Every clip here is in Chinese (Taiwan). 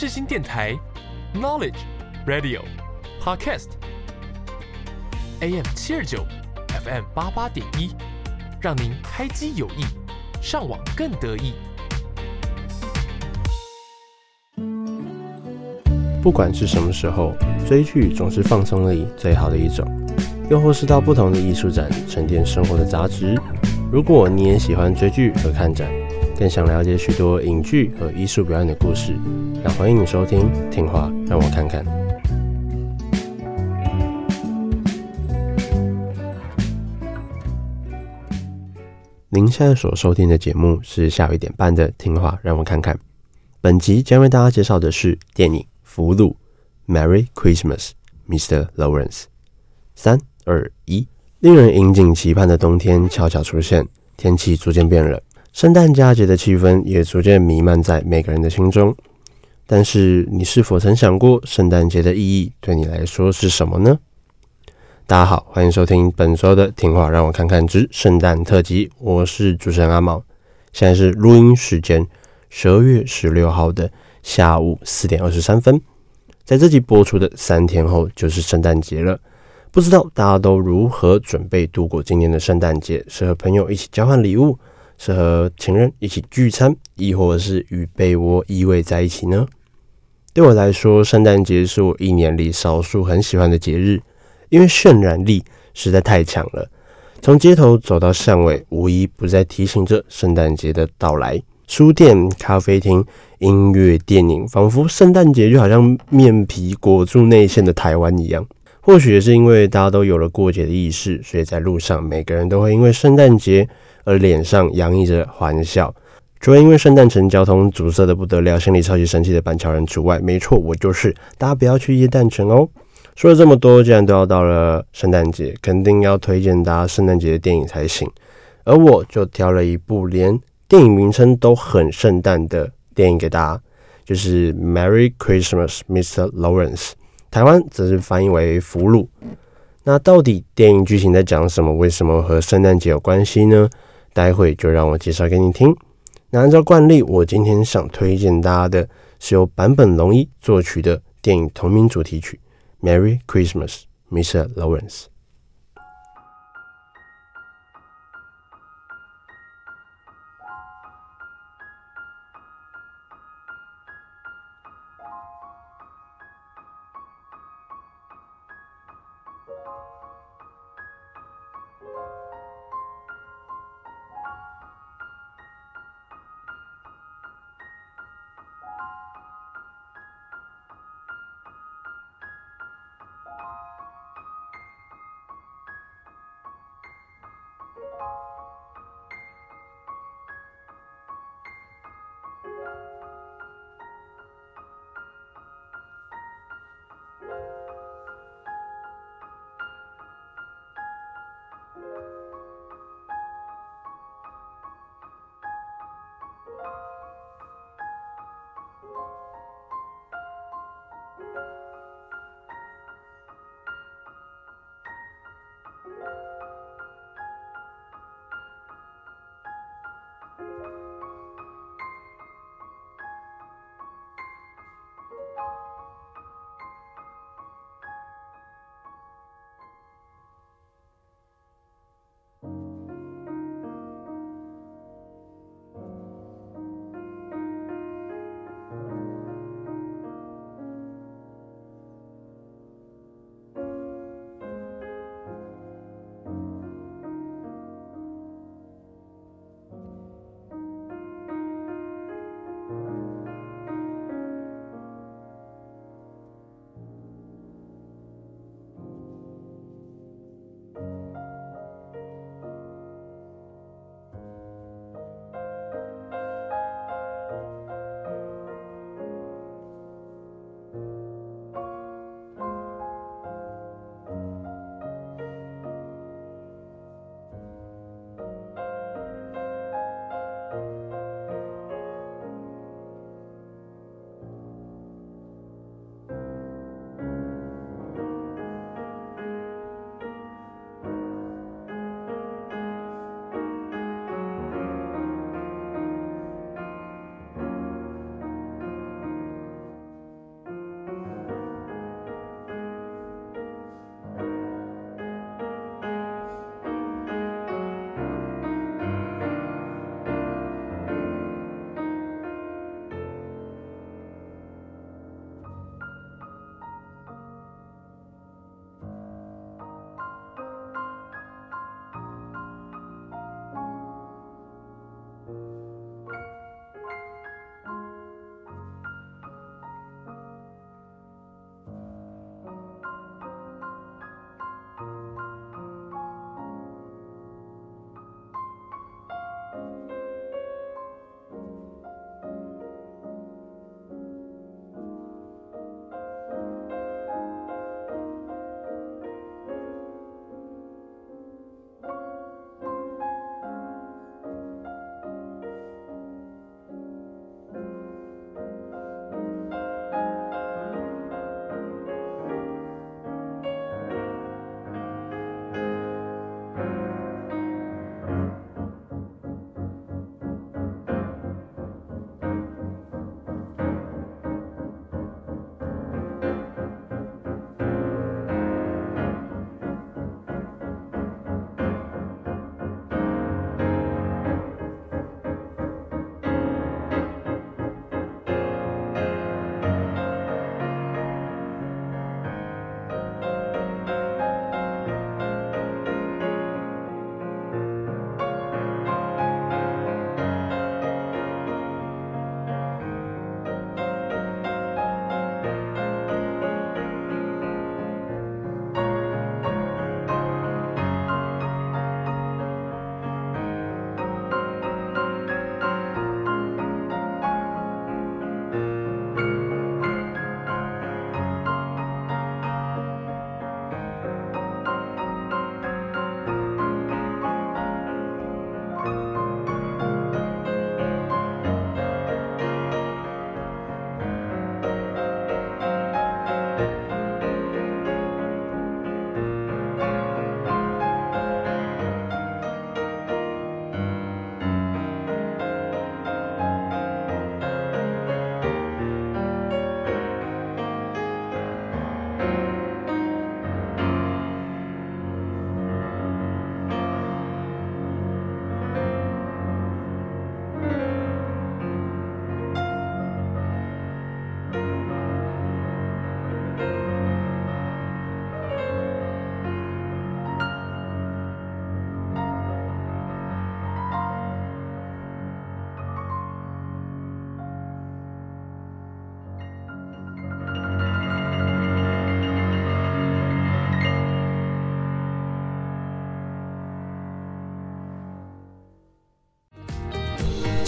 智星電台，Knowledge Radio Podcast，AM 七二九，FM 八八點一，讓您開機有益，上網更得意。不管是什麼時候，追劇總是放鬆的最好的一種，又或是到不同的藝術展沉澱生活的雜質。如果你也喜歡追劇和看展，更想了解許多影劇和藝術表演的故事，那歡迎你收聽《聽話讓我看看》。您現在所收聽的節目是下午一點半的《聽話讓我看看》。本集將為大家介紹的是電影《俘虜》。Merry Christmas, Mr. Lawrence。三二一，令人引頸期盼的冬天悄悄出現，天氣逐漸變冷。聖誕佳節的氣氛也逐漸瀰漫在每個人的心中，但是你是否曾想過，聖誕節的意義對你來說是什麼呢？大家好，歡迎收聽本周的《聽話讓我看看之聖誕特輯》，我是主持人阿毛。現在是錄音時間，十二月十六號的下午四點二十三分。在這集播出的三天後就是聖誕節了，不知道大家都如何準備度過今年的聖誕節？是和朋友一起交換禮物？是和情人一起聚餐，亦或是與被窩依偎在一起呢？對我來說，聖誕節是我一年裡少數很喜歡的節日，因為渲染力實在太強了。從街頭走到巷尾，無一不在提醒着聖誕節的到來。書店、咖啡廳、音樂、電影，仿佛聖誕節就好像面皮裹住內餡的台灣一樣。或許也是因為大家都有了過節的意識，所以在路上每個人都會因為聖誕節。而臉上洋溢着歡笑。除了因為聖誕城交通阻塞得不得了，心裡超級生氣的板橋人除外，沒錯，我就是。大家不要去耶誕城哦。說了這麼多，既然都要到了聖誕節，肯定要推薦大家聖誕節的電影才行。而我就挑了一部連電影名稱都很聖誕的電影給大家，就是《Merry Christmas, Mr. Lawrence》。台灣則是翻譯為《俘虜》。那到底電影劇情在講什麼？為什麼和聖誕節有關係呢？待會就讓我介紹給你聽。那按照慣例，我今天想推薦大家的是由坂本龍一作曲的電影同名主題曲《Merry Christmas, Mr. Lawrence》。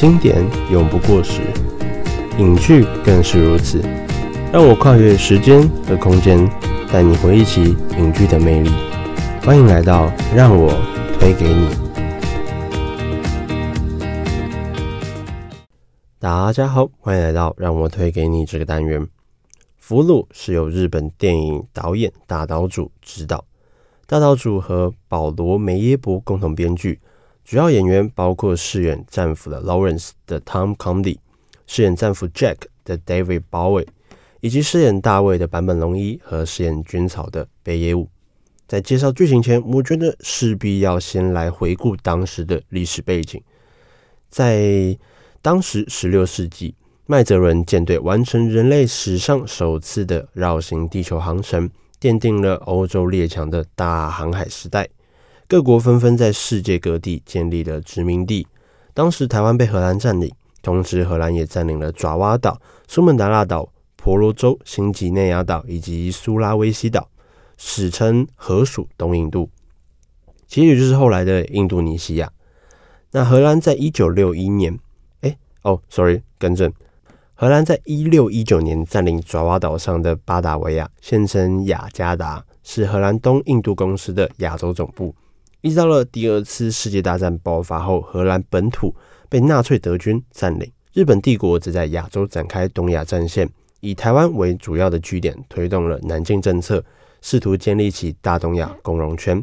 經典永不過時，影劇更是如此。讓我跨越時間和空間，帶你回憶起影劇的魅力。歡迎來到讓我推給你。大家好，歡迎來到讓我推給你這個單元。《俘虜》是由日本電影導演大島渚執導，大島渚和保羅·梅耶博共同編劇。主要演員包括飾演戰俘的 Lawrence 的 Tom Conti，飾演戰俘 Jack 的 David Bowie，以及飾演大衛的坂本龍一和飾演軍草的北野武。在介紹劇情前，我覺得勢必要先來回顧當時的歷史背景。在當時16世紀，麥哲倫艦隊完成人類史上首次的繞行地球航程，奠定了歐洲列強的大航海時代。各國紛紛在世界各地建立了殖民地。當時台灣被荷蘭佔領，同時荷蘭也佔領了爪哇島、蘇門答臘島、婆羅洲、新幾內亞島以及蘇拉威西島，史稱荷屬東印度，其實就是後來的印度尼西亞。那荷蘭在一九六一年，哎、欸，哦、oh，sorry，更正，荷蘭在一六一九年佔領爪哇島上的巴達維亞，現稱雅加達，是荷蘭東印度公司的亞洲總部。一直到了第二次世界大戰爆發後，荷蘭本土被納粹德軍占領，日本帝國則在亞洲展開東亞戰線，以台灣為主要的據點，推動了南進政策，試圖建立起大東亞共榮圈，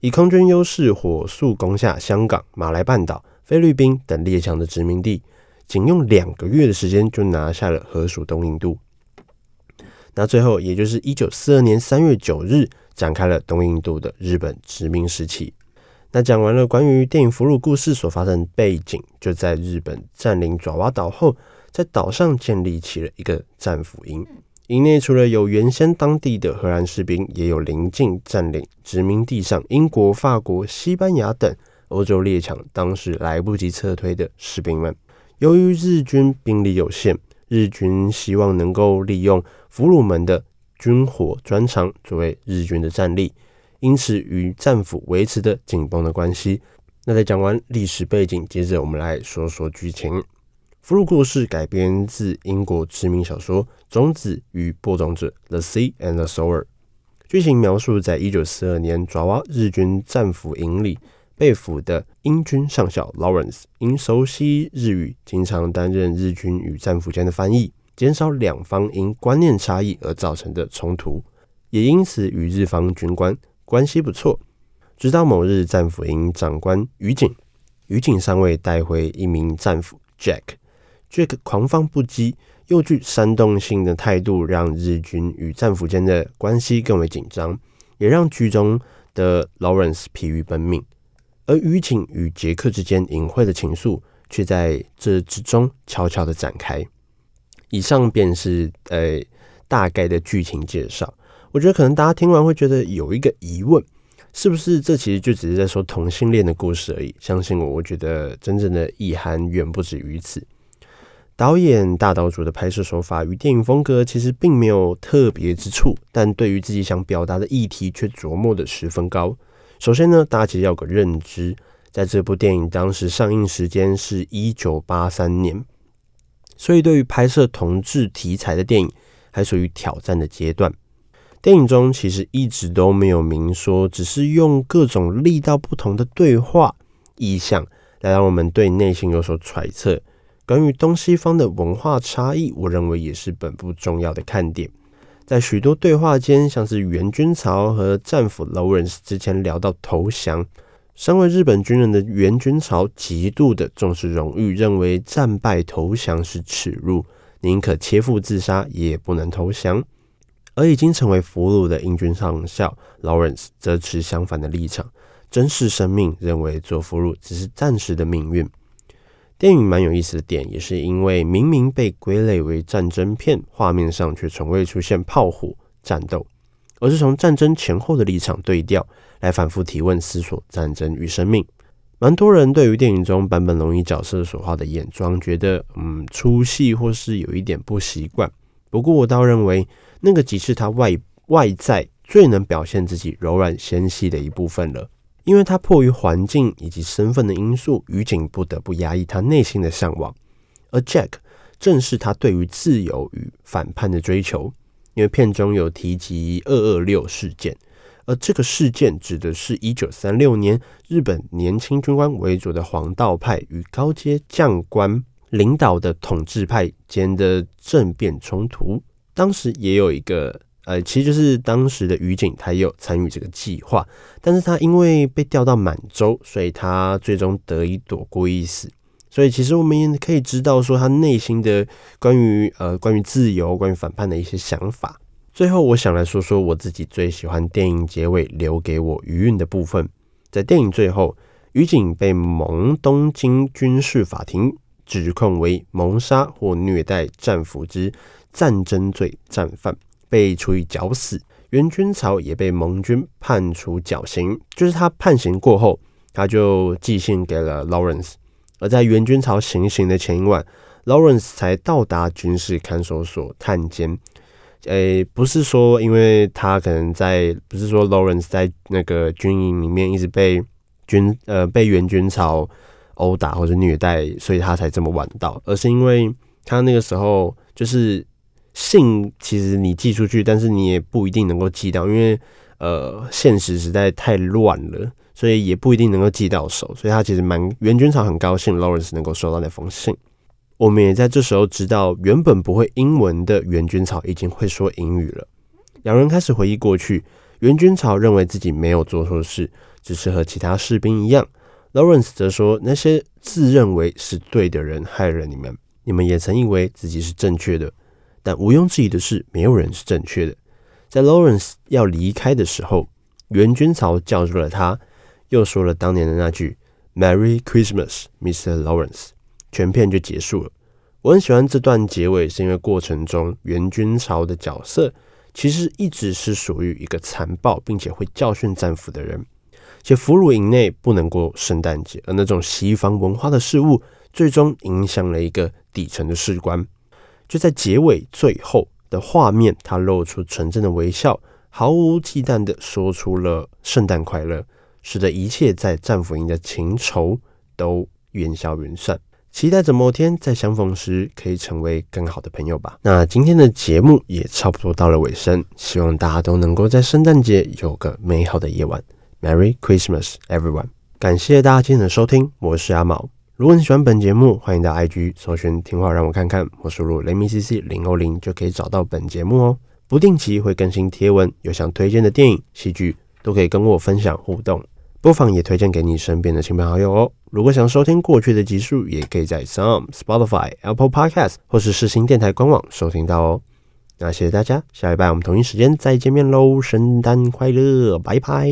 以空軍優勢火速攻下香港、馬來半島、菲律賓等列強的殖民地，僅用兩個月的時間就拿下了荷屬東印度。那最後，也就是一九四二年三月九日，展開了東印度的日本殖民時期。那講完了關於電影《俘虜》故事所發生的背景，就在日本占領爪哇島後，在島上建立起了一個戰俘營。營內除了有原先當地的荷蘭士兵，也有鄰近占領殖民地上英國、法國、西班牙等歐洲列強當時來不及撤退的士兵們。由於日軍兵力有限，日軍希望能夠利用俘虜們的軍火專長作為日軍的戰力。因此，與戰俘維持的緊繃的關係。那在講完歷史背景，接着我們來說說劇情。《福祿故事》改編自英國知名小說《種子與播種者》（The s e a and the s o u e 劇情描述在一九四二年爪哇日軍戰俘營裡，被俘的英軍上校 Lawrence 因熟悉日語，經常擔任日軍與戰俘間的翻譯，減少兩方因觀念差異而造成的衝突。也因此，與日方軍官。關係不錯，直到某日，戰俘營長官余井，余井上尉帶回一名戰俘 Jack。Jack 狂放不羈，又具煽動性的態度，讓日軍與戰俘間的關係更為緊張，也讓劇中的 Lawrence 疲於奔命。而余井與 Jack 之間隱晦的情愫，卻在這之中悄悄的展開。以上便是呃大概的劇情介紹。我覺得可能大家聽完會覺得有一個疑問，是不是這其實就只是在說同性戀的故事而已？相信我，我覺得真正的意涵遠不止於此。導演大島渚的拍攝手法與電影風格其實並沒有特別之處，但對於自己想表達的議題卻琢磨得十分高。首先呢，大家其實要有個認知，在這部電影當時上映時間是一九八三年，所以對於拍攝同志題材的電影還屬於挑戰的階段。電影中其實一直都沒有明說，只是用各種力道不同的對話意象來讓我們對內心有所揣測。關於東西方的文化差異，我認為也是本部重要的看點。在許多對話間，像是原軍曹和戰俘勞倫斯之前聊到投降，身為日本軍人的原軍曹極度的重視榮譽，認為戰敗投降是恥辱，寧可切腹自殺也不能投降。而已經成為俘虜的英軍上校 Lawrence 則持相反的立場，珍視生命，認為做俘虜只是暫時的命運。電影蠻有意思的點，也是因為明明被歸類為戰爭片，畫面上卻從未出現炮火戰鬥，而是從戰爭前後的立場對調，來反覆提問思索戰爭與生命。蠻多人對於電影中坂本龍一角色所畫的眼妝覺得，嗯，出戲或是有一點不習慣。不過我倒認為，那個即是他外外在最能表現自己柔軟纖細的一部分了，因為他迫於環境以及身份的因素，余井不得不壓抑他內心的向往，而 Jack 正是他對於自由與反叛的追求，因為片中有提及二二六事件，而這個事件指的是1936年日本年輕軍官為主的皇道派與高階將官，領導的統治派間的政變衝突，當時也有一個呃，其實就是當時的余井，他也有參與這個計劃，但是他因為被調到滿洲，所以他最終得以躲過一死。所以其實我們也可以知道說，他內心的關於呃關於自由、關於反叛的一些想法。最後，我想來說說我自己最喜歡電影結尾留給我餘韻的部分。在電影最後，余井被蒙東京軍事法庭，指控為謀殺或虐待戰俘之戰爭罪戰犯，被處以絞死。原軍曹也被盟軍判處絞刑。就是他判刑過後，他就寄信給了 Lawrence。而在原軍曹行刑的前一晚，Lawrence 才到達軍事看守所探監。誒、欸，不是說因為他可能在，不是說 Lawrence 在那個軍營裡面一直被軍呃被原軍曹，毆打或者虐待，所以他才這麼晚到，而是因為他那個時候就是信，其實你寄出去，但是你也不一定能夠寄到，因為呃，現實實在太亂了，所以也不一定能夠寄到手。所以他其實蠻原軍曹很高興，Lawrence 能夠收到那封信。我們也在這時候知道，原本不會英文的原軍曹已經會說英語了。兩人開始回憶過去，原軍曹認為自己沒有做錯事，只是和其他士兵一樣。Lawrence 則說：“那些自認為是對的人害了你們，你們也曾以為自己是正確的，但毋庸置疑的是，沒有人是正確的。”在 Lawrence 要離開的時候，原軍曹叫住了他，又說了當年的那句 “Merry Christmas, Mr. Lawrence”，全片就結束了。我很喜歡這段結尾，是因為過程中原軍曹的角色其實一直是屬於一個殘暴並且會教訓戰俘的人。且俘虜營內不能過聖誕節，而那種西方文化的事物，最終影響了一個底層的士官。就在結尾最後的畫面，他露出純真的微笑，毫無忌憚地說出了“聖誕快樂”，使得一切在戰俘營的情仇都煙消雲散。期待着某天再相逢時，可以成為更好的朋友吧。那今天的節目也差不多到了尾聲，希望大家都能夠在聖誕節有個美好的夜晚。Merry Christmas, everyone！感謝大家今天的收聽，我是阿毛。如果你喜歡本節目，歡迎到 IG 搜尋“聽話讓我看看”，或輸入 Lemmy CC 零零零就可以找到本節目哦。不定期會更新貼文，有想推薦的電影、戲劇都可以跟我分享互動，不妨也推薦給你身邊的親朋好友哦。如果想收聽過去的集數，也可以在 Some, Spotify、Apple Podcast 或是世新電台官網收聽到哦。那謝謝大家，下禮拜我們同一時間再見面嘍！聖誕快樂，拜拜。